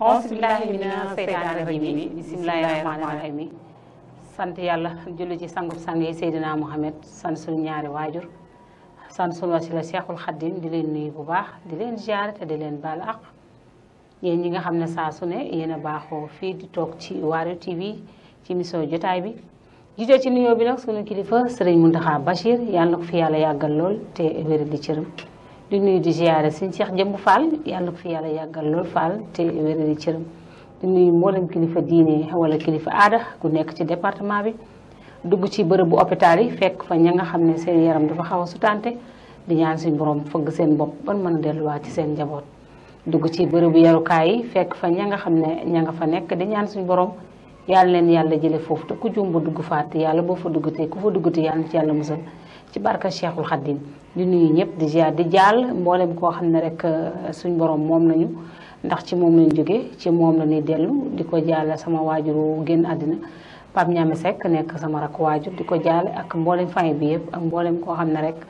bismillahi sant yàlla julli ci sangub sang yi Seydina Muhammad sant suñu ñaari waajur sant suñu la Seexul Xaddim di leen nuyu bu baax di leen ziyaar te di leen baal ak yéen ñi nga xam ne saa su ne yéen a baaxoo fii di toog ci Waarwi TV ci émission jotaay bi jiite ci nuyoo bi nag suñu kilifa Sëriñ Muntaxa Bachir yàlla na ko fi yàggal lool te wéral di cëram di nuyu di ziare sëñ Cheikh Jëmb Fall yàlla ko fi yàlla yàggal lool Fall te wér di cëram di nuyu mboolem kilifa diine wala kilifa aada ku nekk ci département bi dugg ci bërëbu hôpital yi fekk fa ña nga xam ne seen yaram dafa xaw a sutante di ñaan suñ borom fëgg seen bopp ban mën delluwaat ci seen njaboot dugg ci bërëbu yarukaay fekk fa ña nga xam ne ña nga fa nekk di ñaan suñ borom yàlla leen yàlla jële foofu te ku juum ba dugg fàtte yàlla boo fa duggatee ku fa duggatee yàlla ci yàlla musal ci barka Cheikhul xaddin di nuy ñëpp di ziar di jàll mboolem koo xam ne rek euh, suñ borom moom nañu ndax ci moom lañ jóge ci moom la ñuy dellu di ko jàll sama waajur wu génn àddina Pape Ñaame Seck nekk sama rakk waajur di ko jàll ak mboolem famille bi yëpp ak mboolem koo xam ne rek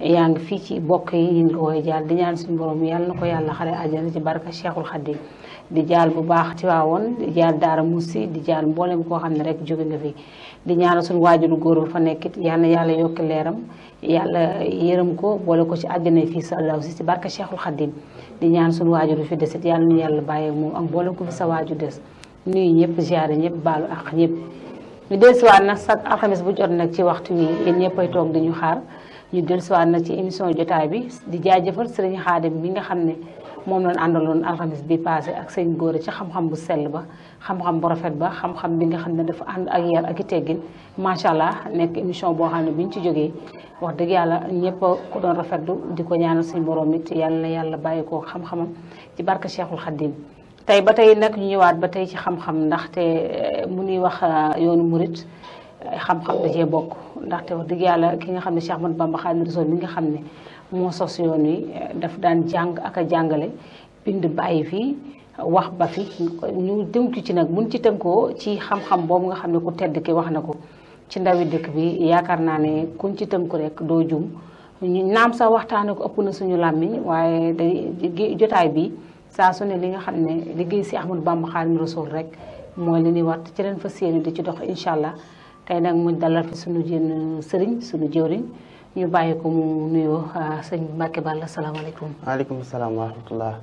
yaa ngi fii ci bokk yi ñu koy jaal di ñaan suñ borom yàlla na ko yàlla xare àjjana ci barka Cheikhul Khadim di jaal bu baax ci waawoon di jaal Daara Moussi di jaal mboole koo xam ne rek jóge fi di ñaanal suñu waajuru góor bu fa nekkit yal na yàlla yokk leeram yàlla yërëm ko boole ko ci àjjana fii salaaw si ci barka Cheikhul Khadim di ñaan suñu waajuru fi desit yàlla nu yàlla bàyyi moom ak boole ko fi sa waaju des nuyu ñëpp ziare ñëpp baalu ak ñëpp ñu dellusiwaat nag sax alxames bu jot nag ci waxtu wi yéen ñëppay toog di ñu xaar ñu dellusiwaat na ci émission jotaay bi di jaajëfal sëriñ xaadim bi nga xam ne moom lañ àndaloon alxamis bi passé ak sëñ góor ci xam-xam bu sell ba xam-xam bu rafet ba xam-xam bi nga xam ne dafa ànd ak yar ak i teggin macha allah nekk émission boo xam ne bi ñu ci jógee wax dëgg yàlla ñëpp ku doon rafetlu di ko ñaanal suñu borom it yàlla na yàlla bàyyi ko xam ci barke Cheikhul Khadim tey ba tey nag ñu ñëwaat ba tey ci xam-xam ndaxte eh, mu nuy wax eh, yoonu murit ay xam-xam da cee bokk ndaxte wax dëgg yàlla ki nga xam ne Cheikh Ahmadou Bamba Khadimu Rasuul mi nga xam ne moo sos yoon wi eh, daf daan jàng ak a jàngale bind bàyyi fii wax ba fi ñu tënku ci nag mun ci tënkoo ci xam boobu nga xam ne ku tedd ki wax na ko ci ndawi dëkk bi yaakaar naa ne kuñ ci tënku rek doo jum naam sa waxtaane ko ëpp na suñu làmmiñ waaye day jotaay bi saa su li nga xam ne liggéey si Ahmadou Bamba Khadimu Rasuul rek mooy li ñuy wax ci leen fas yéene di ci dox incha allah tey nag mu dalal fi sunu jën sëriñ sunu jëwriñ ñu bàyyi ko mu nuyoo ah, sëñ Mbacke Balla salaamaaleykum. waaleykum salaam wa rahmatullah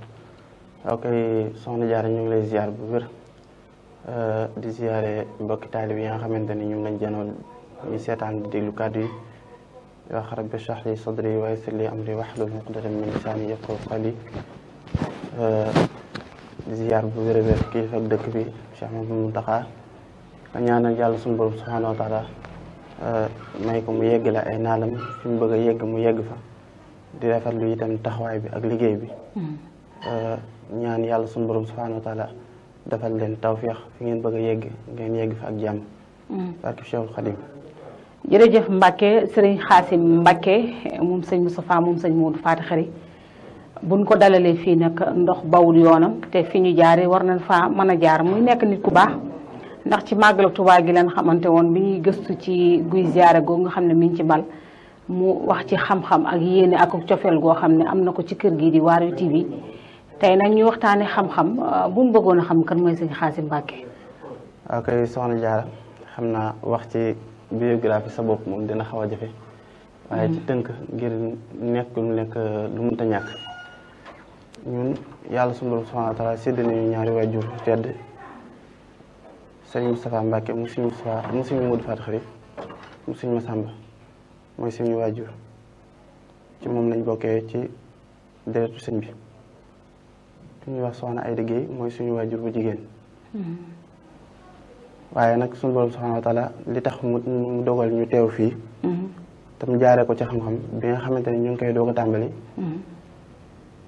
ok soxna Diarra ñu ngi lay ziar bu wér euh, di ziare mbokki taalib yi nga xamante ni ñoom lañ jënoon ñu seetaan kàddu yi. di wax rabbi shrah li sadri wa yassir li amri euh, di ziar bu wér kii fekk dëkk bi Cheikh Mouhamadou Mountakha. te ñaanal yàlla suñu borom subhanahu wa taala eh, may ko mu yeggale ay naalam fi mu bëgg yegg mu yegg fa di rafetlu itam taxawaay bi ak liggéey bi hmm. eh, ñaan yàlla suñu borom subhanahu wa taala defal leen tawféex fi ngeen bëgg a yegg ngeen yegg fa ak jàmm hmm. barke Cheikhul Khadim jërëjëf Mbacke a muy nekk nit ku ndax ci màggalu Tuubaa gi leen xamante woon bi ñuy gëstu ci guy ziyaare googu nga xam ne mi ngi ci mbal mu wax ci xam-xam ak yéene ak cofeel goo xam ne am na ko ci kër gii di Waarwi TV tey nag ñu waxtaanee xam-xam euh, bëggoon a xam kan mooy sëñ Xaasim Mbàkke. ok soxna xam naa wax ci biographie sa bopp moom dina xaw a jafe. waaye ci mm-hmm. tënk ngir nekk lu nekk lu mënut a ñàkk. ñun yàlla sunu borom subhaanahu wa nañu ñaari waajur tedd sëriñ Moustapha Mbacke mu suñu Moustapha mu suñu Modou Fatou Xarit mu suñu Massamba mooy suñu waajur ci moom lañ bokkee ci deretu sëñ bi ku ñuy wax soxna ay liggéey mooy suñu waajur bu jigéen hmm. waaye nag suñu borom subhanahu li tax mu dogal ñu teew fii hmm. tam jaaree ko ci xam-xam bi nga xamante ne ñu ngi koy doog a ñu hmm.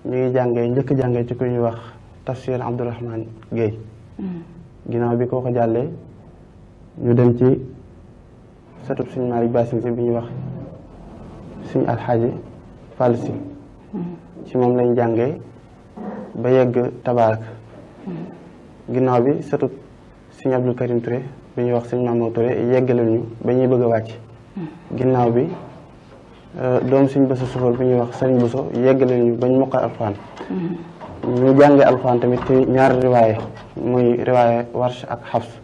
ngi jàngee njëkk jàngee ci ku ñuy wax tafsir Abdourahman Guèye ginnaaw bi koo ko jàllee ñu dem ci satub suñ Malick Basin si bi ñuy wax suñ alxaaji Fall si mm-hmm. ci moom lañ jàngee ba yegg tabaarak mm-hmm. ginnaaw bi satub suñ Abdul Karim Touré bi ñuy wax suñ Mamadou Touré yeggale ñu ba ñuy bëgg a wàcc mm-hmm. ginnaaw bi euh, doom suñ bësa sufoor bi ñuy wax sëriñ Boso yeggale ñu bañ mokkal ñu jànge alxuraan tamit ci ñaari riwaaye muy riwaaye warsh ak xafs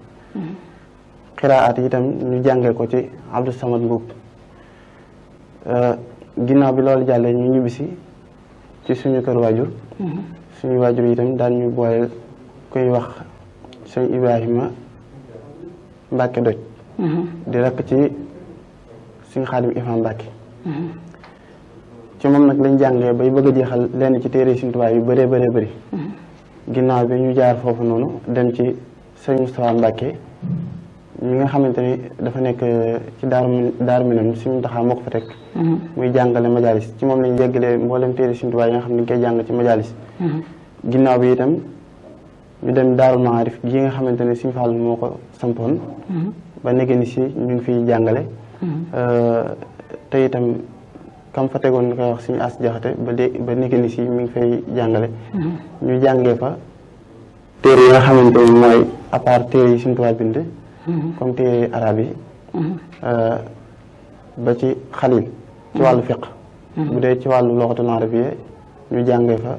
xiraat yi tam ñu jàngee ko ci abdou samad mbuub euh, ginnaaw bi loolu jàllee ñu ñibbisi ci suñu kër waajur suñu waajur yi tam daan ñu boole kuy wax sëñ ibrahima mbàkke doj mhm. di rakk ci suñu xaadim imaam mbàkke mhm. ci moom nag lañ jàngee bay bëgg a jeexal lenn ci téere Sëriñ Tuubaa yu bëree bëree bëri mm-hmm. ginnaaw bi ñu jaar foofu noonu dem ci sëñ Moustapha Mbacke ñi nga xamante ni dafa nekk eh, ci daaru daaru minam si mu taxaa moo ko fa teg mm-hmm. muy jàngale majalis ci moom lañ jéggalee mboolem téere Sëriñ Tuubaa yi nga xam ne dañ koy jàng ci majalis mm-hmm. ginnaaw bi itam ñu dem daaru maarif gi nga xamante ne Sëriñ Fallu moo ko sampoon ba nekkee ni si ñu ngi fiy jàngale eh, te itam kam fa tegoon ñu koy wax suñu as jaxate ba léegi ba nekk ni si mi ngi fay jàngale mm-hmm. ñu jàngee fa téere yi nga xamante ni mooy à téere yi suñu tubaab bind mm-hmm. comme téere arab yi mm-hmm. euh, ba ci xalil ci wàllu fiq bu dee ci wàllu loxatul arabiyya ñu jàngee fa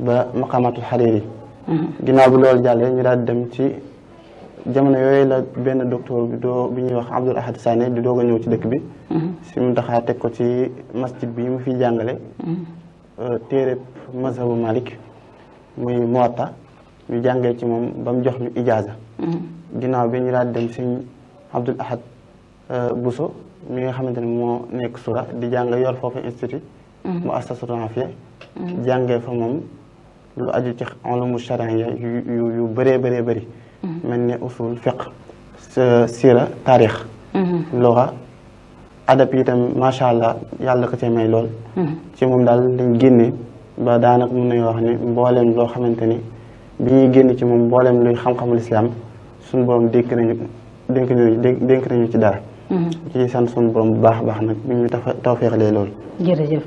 ba maqamatul xariri ginnaaw bi loolu jàllee ñu daal di dem ci jamono yooyu la benn docteur bi doo bi ñuy wax Abdul Ahad Sané di doog a ñëw ci dëkk bi si mu taxaa teg ko ci masjid bi mu fi jàngale euh, téereb mazhabu malik muy muwatta ñu jàngee ci moom ba jox ñu ijaaza ginnaaw bi ñu daal dem sëñ abdul ahad euh, buso mi nga xamante ne moo nekk sura di jàng yor foofu institut mm-hmm. mu assasatu afia mm-hmm. jàngee fa moom lu aju ci ulumu charia yu yu yu bëree bëree bëri mm-hmm. mel ne usul fiqh sira taarix luga adab yi tam macha allah yàlla ko cee may lool. Hmm. ci moom daal lañ génne ba daanaka mën nañu wax ne mbooleem loo xamante ni bi ñuy génn ci moom mbooleem luy xam-xamul islam suñu borom dénk nañu dénk nañu dénk nañu ci dara. Hmm. ci sant suñu bu baax a baax nag bi ñu tawféexalee loolu. jërëjëf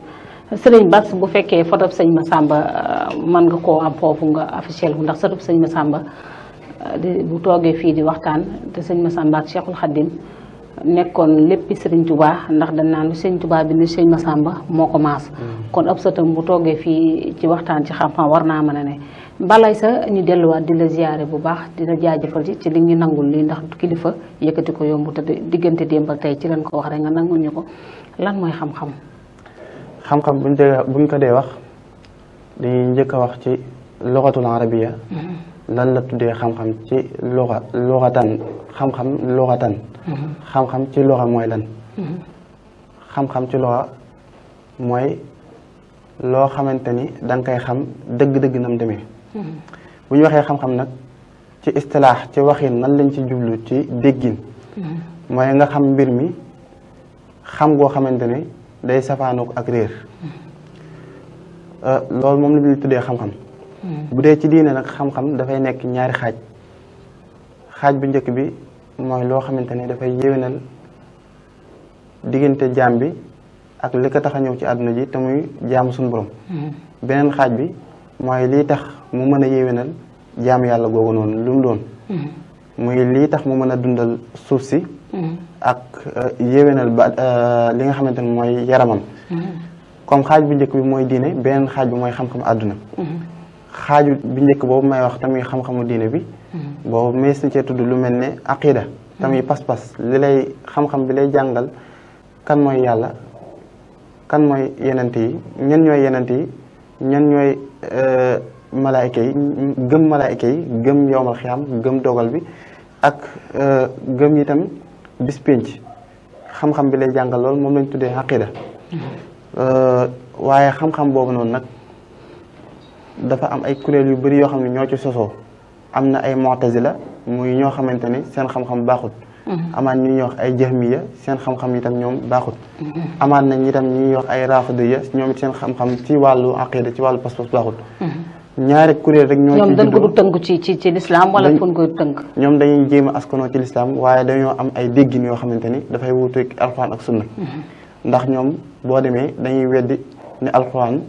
sëriñ Bass bu fekkee fotob sëñ Massamba euh, mën nga koo am foofu nga officiel bu ndax sëtub sëñ Massamba euh, di bu toogee fii di waxtaan te sëñ Massamba ak Cheikhul Khadim nekkoon lépp sëriñ Tuubaa ndax dañ naan lu sëriñ Tuubaa bi ni sëriñ Masamba moo ko maas mm. kon ab sëtam bu toggee fii ci waxtaan ci xam-xam war naa mën a ne balay sa ñu delluwaat di la ziyaare bu baax di la jaajëfal ci ci li ñu nangul lii ndax kilifa yëkkati ko yomb te diggante démb ak tey ci lañ ko wax rek nga nangul ñu ko lan mooy xam-xam. xam-xam buñ ko dee wax dañuy njëkk a wax ci luxatul arabiya mm-hmm. lan la tuddee xam-xam ci luxa luxatan xam-xam luxatan mm-hmm. xam-xam ci luxa mooy lan mm-hmm. xam-xam ci luxa mooy loo xamante ni da nga koy xam dëgg-dëgg nam demee mm-hmm. bu ñu waxee xam-xam nag ci istilaax ci waxin nan lañ ci jublu ci déggin mooy nga xam mbir mi xam goo xamante ni day safaanook ak réer euh, loolu moom la ñuy tuddee xam-xam bu dee ci diine nag xam-xam dafay nekk ñaari xaaj xaaj bu njëkk bi mooy loo xamante ne dafay yéwénal diggante jaam bi ak li ko tax a ñëw ci àdduna ji te muy jaamu suñu borom. Mm-hmm. beneen xaaj bi mooy li tax mu mën a yéwénal jaamu yàlla googu noonu lu mu doon. Mm-hmm. tax mu mën a dundal suuf si. Mm-hmm. ak euh, yéwénal ba euh, li nga xamante ne mooy yaramam. comme xaaj bu njëkk bi mooy diine beneen xaaj bi mooy xam-xam àdduna. xaaju bi njëkk boobu may wax tamit xam-xamu diine bi mm-hmm. boobu mees na cee tudd lu mel ne aqida mm-hmm. tamit pas-pas li lay xam-xam bi lay jàngal kan mooy yàlla kan mooy yenent yi ñan ñooy yenent yi ñan ñooy euh, malaayka yi gëm malaayka yi gëm yowmal xiyaam gëm dogal bi ak euh, gëm itam bis pénc xam-xam bi lay jàngal lool moom lañ tuddee aqida mm-hmm. euh, waaye xam-xam boobu noonu nag dafa am ay kuréel yu bëri yoo xam ne ñoo ci sosoo am na ay la muy ñoo xamante ne seen xam-xam baaxut mm-hmm. amaan ñi ñuy wax ay jahmiya seen xam-xam itam ñoom baaxut mm-hmm. amaan nañ itam ñi ñuy wax ay rafidiyya ñoom it seen xam-xam ci wàllu aqida ci wàllu pas-pas baaxut mm-hmm. ñaari kuréel rek ñoo ci dañ ko du tënk ci ci ci lislaam wala fu ñu koy tënk ñoom dañuy jéem a askanoo ci lislaam waaye dañoo am ay déggin yoo xamante ni dafay wuuteeg alxuraan ak sunna ndax ñoom boo demee dañuy weddi ne alxuraan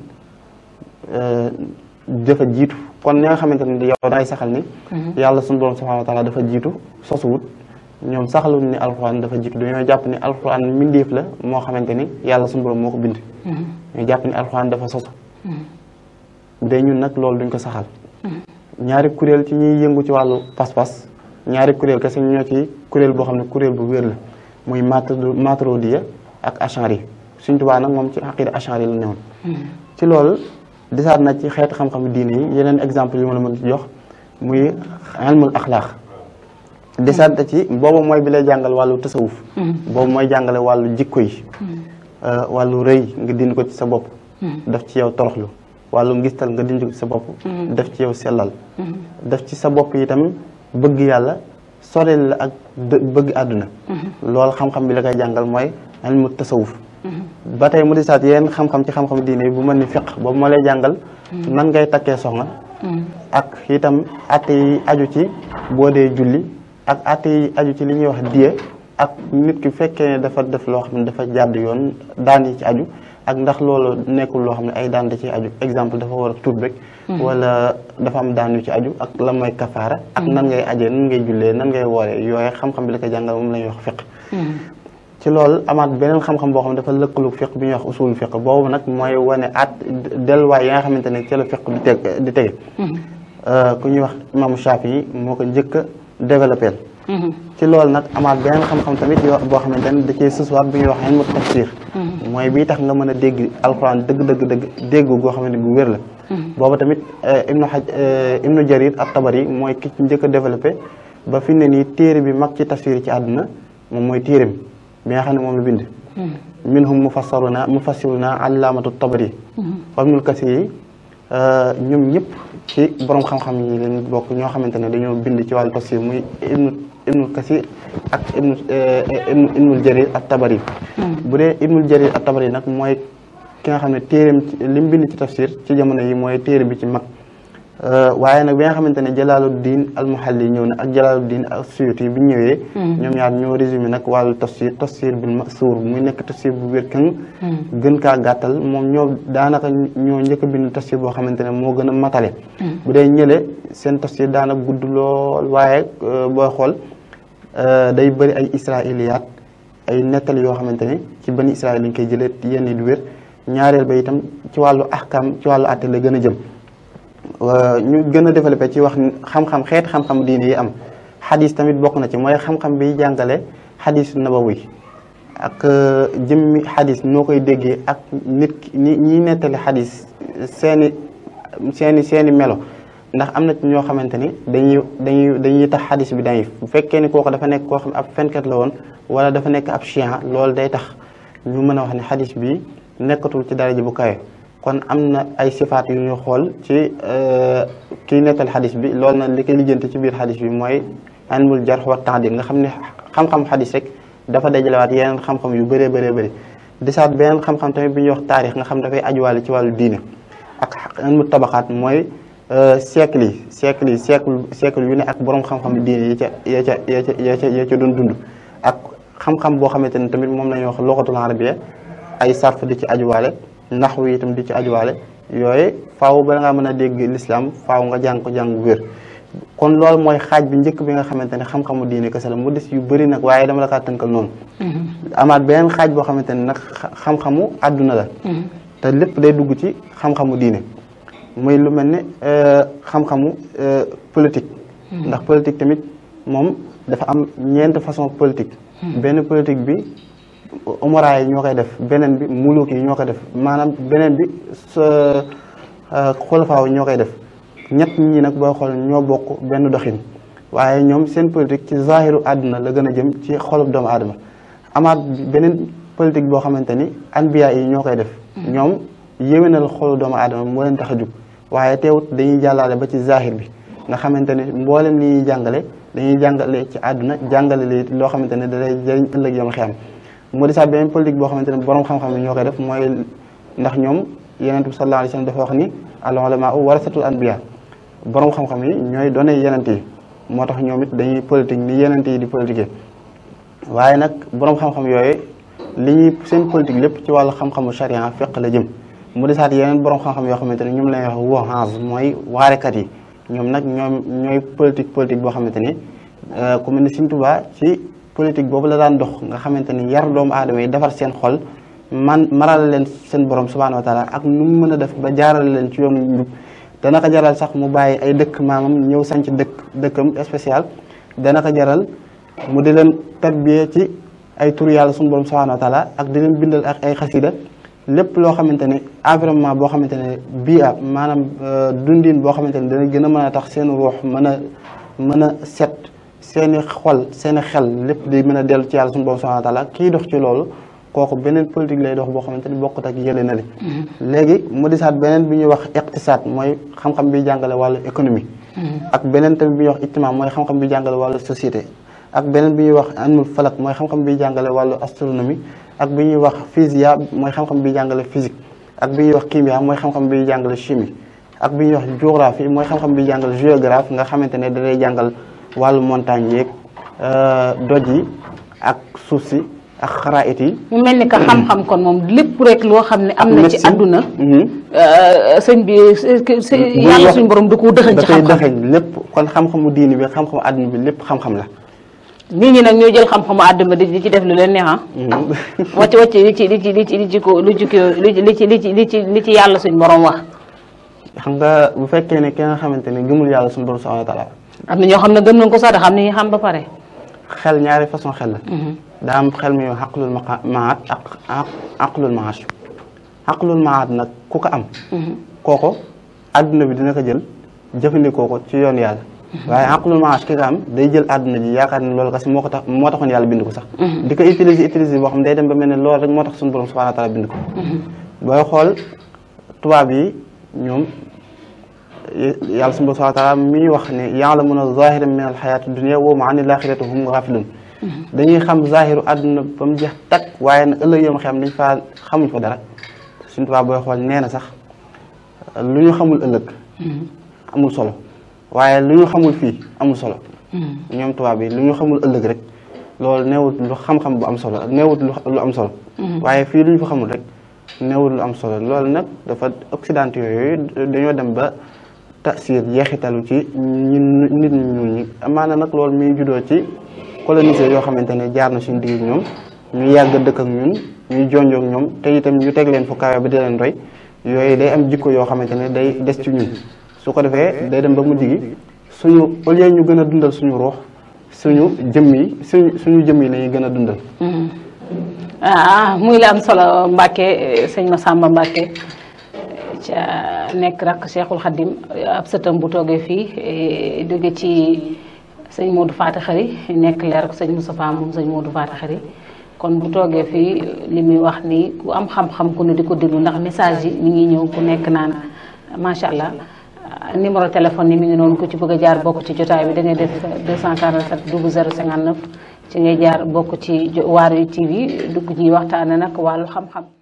euh, dafa jiitu kon ñi nga xamante ne yow dangay saxal ni mhm. yàlla suñu borom subhanahu wa taala dafa jiitu sosuwut ñoom saxaluñ ni alxuraan dafa jiitu dañoo jàpp ni alxuraan mbindeef la moo xamante ni yàlla suñu borom moo ko bind mhm. ñoo jàpp ni alxuraan dafa sosu mhm. day ñun nag loolu duñ ko saxal ñaari kuréel ci ñuy yëngu ci wàllu pas-pas ñaari kuréel kese ñoo ci kuréel boo xam ne kuréel bu wér la muy matrodiya ak achari suñ tubaa nag moom ci xaqida achari desaat na ci xeetu xam-xamu diine yi yeneen exemple yu ma la mën jox muy ilmul axlaax desaat na ci boobu mooy bi lay jàngal wàllu tasawuf mm. boobu mooy jàngale wàllu jikko yi mm. euh, wàllu rëy nga dindi ko ci sa bopp mm. daf ci yow toroxlu wàllu ngistal nga dindi ko ci sa bopp daf ci yow sellal daf ci sa bopp yi tamit bëgg yàlla sorel la ak bëgg àdduna mm-hmm. loolu xam-xam bi la koy jàngal mooy ilmu tasawuf mm-hmm. ba tey mu di saat yéen xam-xam ci xam-xam diine bu man ni fiq boobu ma lay jàngal mm. nan ngay takkee soxna mm. ak itam atte yi aju ci boo dee julli ak atte yi ci li ñuy wax diye ak nit ki fekkee ne dafa def loo xam ne dafa jàdd yoon daan yi ci aju ak ndax loolu nekkul loo xam ne ay daan da ci aju exemple dafa war a tuub rek mm. wala dafa am daan yu ci aju ak la mooy kafaara ak nan ngay ajee nan ngay jullee nan ngay wooree yooye xam-xam bi la ko jàngal moom la ñuy wax fiq ci lool amaat beneen xam-xam boo xam ne dafa lëkkaloo fiq bi ñuy wax usul fiq boobu nag mooy wane at delluwaay yi nga xamante ne ci la fiq di di tege mm-hmm. euh, ku ñuy wax imaamu Shaafi yi moo ko njëkk a développé mm-hmm. ci loolu nag amaat beneen xam-xam tamit yoo boo xamante ne da cee sëswaat bu ñuy wax ilmu tafsir mm-hmm. tax nga mën a dégg alxuraan dëgg dëgg dëgg dégg goo xam ne gu wér la boobu tamit euh, ibnu xaj euh, ibnu jarir ak tabari mooy ki ci njëkk a ba fi ne nii téere bi mag ci tafsir ci àdduna moom mooy téere bi mi nga xam ne moom la bind hmm. minhum mufassaruna mufassiruna allaamatu tabari hmm. wa ibnul kasir euh, ñoom ñëpp ci borom xam-xam yi lañ ñoo xamante ne dañoo bind ci wàllu tafsir muy ibnu ibnul kasir ak euh, ibnu ibnul jarir at tabari hmm. bu dee ibnul jarir at tabari nag mooy ki nga xam ne téereem li mu bind ci tafsir ci jamono yi mooy téere bi ci mag Euh, waaye nag bi nga xamante ne Jalaaluddin al-Muhalli ñëw na ak Jalaaluddin as-Suyuti bi ñëwee. Hmm. ñoom ñaar ñoo résumé nag wàllu tafsir tafsir bil masuur muy nekk tafsir bu wér kan hmm. gën kaa gàttal moom ñoo daanaka ñoo njëkk a bind boo xamante ne moo gën a matale. Hmm. bu dee ñële seen tafsir daanaka gudd lool waaye euh, booy xool euh, day bëri ay israiliyaat ay nettali yoo xamante ne ci bani israil lañ koy jëlee yenn wér ñaareel ba itam ci wàllu ahkam ci wàllu àtte la gën a jëm. Euh, ñu gën a développé ci wax xam-xam xeet xam-xam diine yi am xadiis tamit bokk na ci mooy xam-xam bi jàngale xadis nabawi ak euh, jëmmi xadis noo koy déggee ak nit ñi ñiy nettali xadis seeni seeni seeni melo ndax am na ci ñoo xamante ni dañuy dañuy dañuy tax xadis bi dañuy bu fekkee ni kooku dafa nekk koo xam ab fenkat la woon wala dafa nekk ab chian loolu day tax ñu mën a wax ne xadis bi nekkatul ci daraja bu kawe kon am na ay sifaat yu ñu xool ci euh, ki nettal xadis bi lool na li koy lijjanti ci biir xadis bi mooy ilmul jarh wa ta'dil nga xam ne xam-xam xadis rek dafa dajalewaat yeneen xam-xam yu bëree bëree bëri disaat beneen xam-xam tamit bi ñuy wax taarix nga xam dafay ajuwaale ci wàllu diine ak ilmul tabaxaat mooy euh, siècle yi siècle yi siècle siècle yu ne ak boroom xam-xam diine yi ca ya ca ya ca ya ca dund ak xam-xam boo xamante ne tamit moom la ñuy wax loxatul arabiya ay sarf di ci ajuwaale nax wi itam di ci ajuwaale yooyu faw bala ngaa mën a dégg lislaam faaw nga jàng ko jàng wér kon loolu mooy xaaj bi njëkk bi nga xamante ne xam-xamu diine kese la mu des yu bëri nag waaye dama la kaa tënkal noonu mm-hmm. amaat beneen xaaj boo xamante ne nag xam-xamu àdduna la mm-hmm. te lépp day dugg ci xam-xamu diine muy lu mel ne euh, xam-xamu euh, politique mm-hmm. ndax politique tamit moom dafa am ñeent façon politique benn politique bi omora yi ñoo koy def beneen bi muluk yi ñoo koy def maanaam beneen bi sa euh, xolofaaw ñoo koy def ñett ñi nag boo xool ñoo bokk benn doxin waaye ñoom seen politique ci zahiru àdduna la gën a jëm ci xolub doomu aadama amaat beneen politique boo xamante ni anbiya yi ñoo koy def ñoom yéwénal xolu doomu adama moo leen tax a jug waaye teewut dañuy jàllaale ba ci zahir bi nga xamante ni mboolem li ñuy jàngale dañuy jàngale ci àdduna jàngale li loo xamante ne dalay jëriñ ëllëg yama xe mu desaat beneen politique boo xamante ne borom xam-xam yi ñoo koy def mooy ndax ñoom yonent bi sallallahu alayhi wa sallam dafa wax ni al ulama warasatul anbiya borom xam-xam yi ñooy doone yi moo tax ñoom it dañuy politique ni yonent yi di politiquer waaye nag borom xam-xam yooyu li ñuy seen politique lépp ci wàllu xam-xamu charia fiq la jëm mu desaat yeneen borom xam-xam yoo xamante ne ñoom la ñuy wax wohang mooy waarekat yi ñoom nag ñoom ñooy politique politique boo xamante ni eh, ku mel ne Sëriñ ci politique boobu la daan dox nga xamante ni yar doomu aadama yi defar seen xol man marala leen seen boroom subhaanahu wa ak nu mu mën a def ba jaarale leen ci yoonu njub dana ko jaral sax mu bàyyi ay dëkk maamam ñëw sanc dëkk dëkkam spécial dana ko jaral mu di leen tarbiye ci ay tur yàlla suñu borom subhaanahu wa ak di leen bindal ak ay xasida lépp loo xamante ne environnement boo xamante ne bii maanaam euh, dundin boo xamante ne dana gën a mën a tax seen ruux mën a seeni xol seeni xel lépp di mën a dellu ci yàlla suñu borom subhanahu wa taala kii dox ci loolu kooku beneen politique lay dox boo xamante ni bokkut ak yële na li léegi mu disaat beneen bi ñuy wax iqtisaad mooy xam-xam bi jàngale wàllu économie mm-hmm. ak beneen bi ñuy wax ijtimaa mooy xam-xam bi jàngale wàllu société ak beneen bi ñuy wax ilmul falak mooy xam-xam bi jàngale wàllu astronomie ak bi ñuy wax physiya mooy xam-xam bi jàngale physique ak bi ñuy wax kimia mooy xam-xam bi jàngale chimie ak bi ñuy wax géographie mooy xam-xam bi jàngale wàllu montagne yeeg euh, doj yi ak suuf si ak xaraayit yi. mu mel ni que xam-xam kon moom lépp rek loo xam ne am na ci àdduna. Mhm. Euh, sëñ bi yàlla suñu borom da koo dëxëñ ci xam kon xam-xamu diini bi xam-xamu àdduna bi lépp xam-xam la. nag ñoo jël xam-xamu àdduna di ci def lu leen neex ah. Mhm. wàcc wàcc li ci ci li ci li ci ko li ci ci li ci li ci yàlla suñu borom wax. xam nga bu fekkee ne ki nga xamante ne gëmul yàlla suñu borom subhanahu wa am na ñoo xam ne gëm nañ ko sax da xam ni xam ba pare. xel ñaari façon xel la. Mm-hmm. daa am xel muy wax aqlul maat ak aqlul maat ma maat nag ku ko am. Mm-hmm. kooko adduna bi dina ko jël jëfandikoo ko ci yoon yàlla. Mm-hmm. waaye aqlul maat ki nga am day jël adduna ji yaakaar ne loolu kasi moo ko tax moo taxoon yàlla bind ko sax. di ko utiliser utiliser boo xam day dem ba mel ne loolu rek moo tax suñu borom subhaanahu wa taala bind ko. booy xool tubaab yi ñoom. yàlla subhaanahu wa a mi wax ne ya'lamuuna zaahiran min al-hayaati dunya wa hum ani l-aaxirati hum gaafiluun dañuy xam zaahiru àdduna ba mu jeex tag waaye na ëllëg yoom xam dañ faa xamuñ fa dara suñu na sax lu ñu xamul ëllëg amul solo waaye lu ñu xamul fii amul solo ñoom tubaab yi lu ñu xamul ëllëg rek loolu neewut lu xam-xam bu am solo neewut lu am solo waaye fii lu ñu fa xamul rek neewut lu am solo loolu nag dafa occidentaux yooyu dañoo dem ba tasir yeexitalu ci ñun nit ñi ñuul ñi amaana nag loolu muy juddoo ci colonisé yoo xamante ne jaar na suñu digg ñoom ñu yàgg dëkk ak ñun ñu jonjoog ñoom te itam ñu teg leen fu kawe ba di leen roy yooyu day am jikko yoo xamante ne day des ci ñun su ko defee day dem ba mujj gi suñu au lieu ñu gën a dundal suñu ruux suñu jëmm yi suñu suñu jëmm yi lañuy gën a dundal. Mm-hmm. ah muy la am solo Mbacke sëñ Massamba Mbacke. nekk rak Cheikhul Khadim ab sëtam bu toogee fii eh, jóge ci sëñ Modou Faty Khary nekk leer ko sëñ Moustapha moom sëñ Modou Faty Khary kon bu toogee fii li muy wax ni ku am xam-xam ku ne di ko déglu ndax message yi mi ngi ñëw ku nekk naan macha allah numéro téléphone yi mi ngi noonu ku ci bëgg a jaar bokk ci jotaay bi da ngay def 247 00 59 ci ngay jaar bokk ci Waarwi TV dugg ñuy waxtaane nag wàllu xam-xam